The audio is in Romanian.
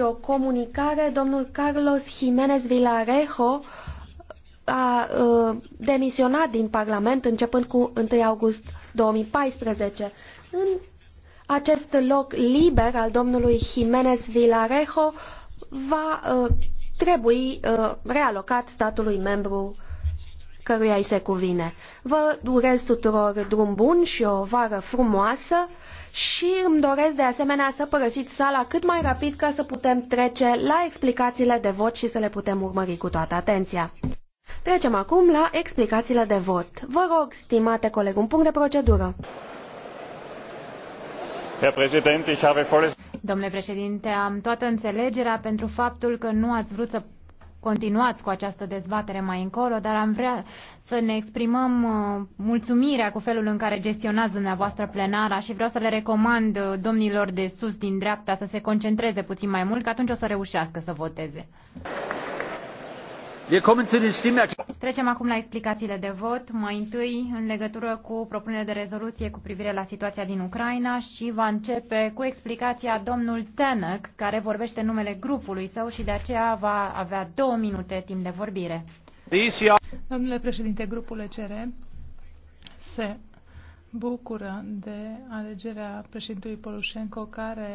și o comunicare. Domnul Carlos Jiménez Villarejo a uh, demisionat din Parlament începând cu 1 august 2014. În acest loc liber al domnului Jiménez Villarejo va uh, trebui uh, realocat statului membru căruia îi se cuvine. Vă urez tuturor drum bun și o vară frumoasă și îmi doresc de asemenea să părăsiți sala cât mai rapid ca să putem trece la explicațiile de vot și să le putem urmări cu toată atenția. Trecem acum la explicațiile de vot. Vă rog, stimate coleg, un punct de procedură. Domnule președinte, am toată înțelegerea pentru faptul că nu ați vrut să continuați cu această dezbatere mai încolo, dar am vrea să ne exprimăm uh, mulțumirea cu felul în care gestionați dumneavoastră plenara și vreau să le recomand uh, domnilor de sus din dreapta să se concentreze puțin mai mult, că atunci o să reușească să voteze. Trecem acum la explicațiile de vot. Mai întâi, în legătură cu propunerea de rezoluție cu privire la situația din Ucraina și va începe cu explicația domnul Tenek, care vorbește numele grupului său și de aceea va avea două minute timp de vorbire. Domnule președinte, grupul ECR se bucură de alegerea președintelui Polușenko, care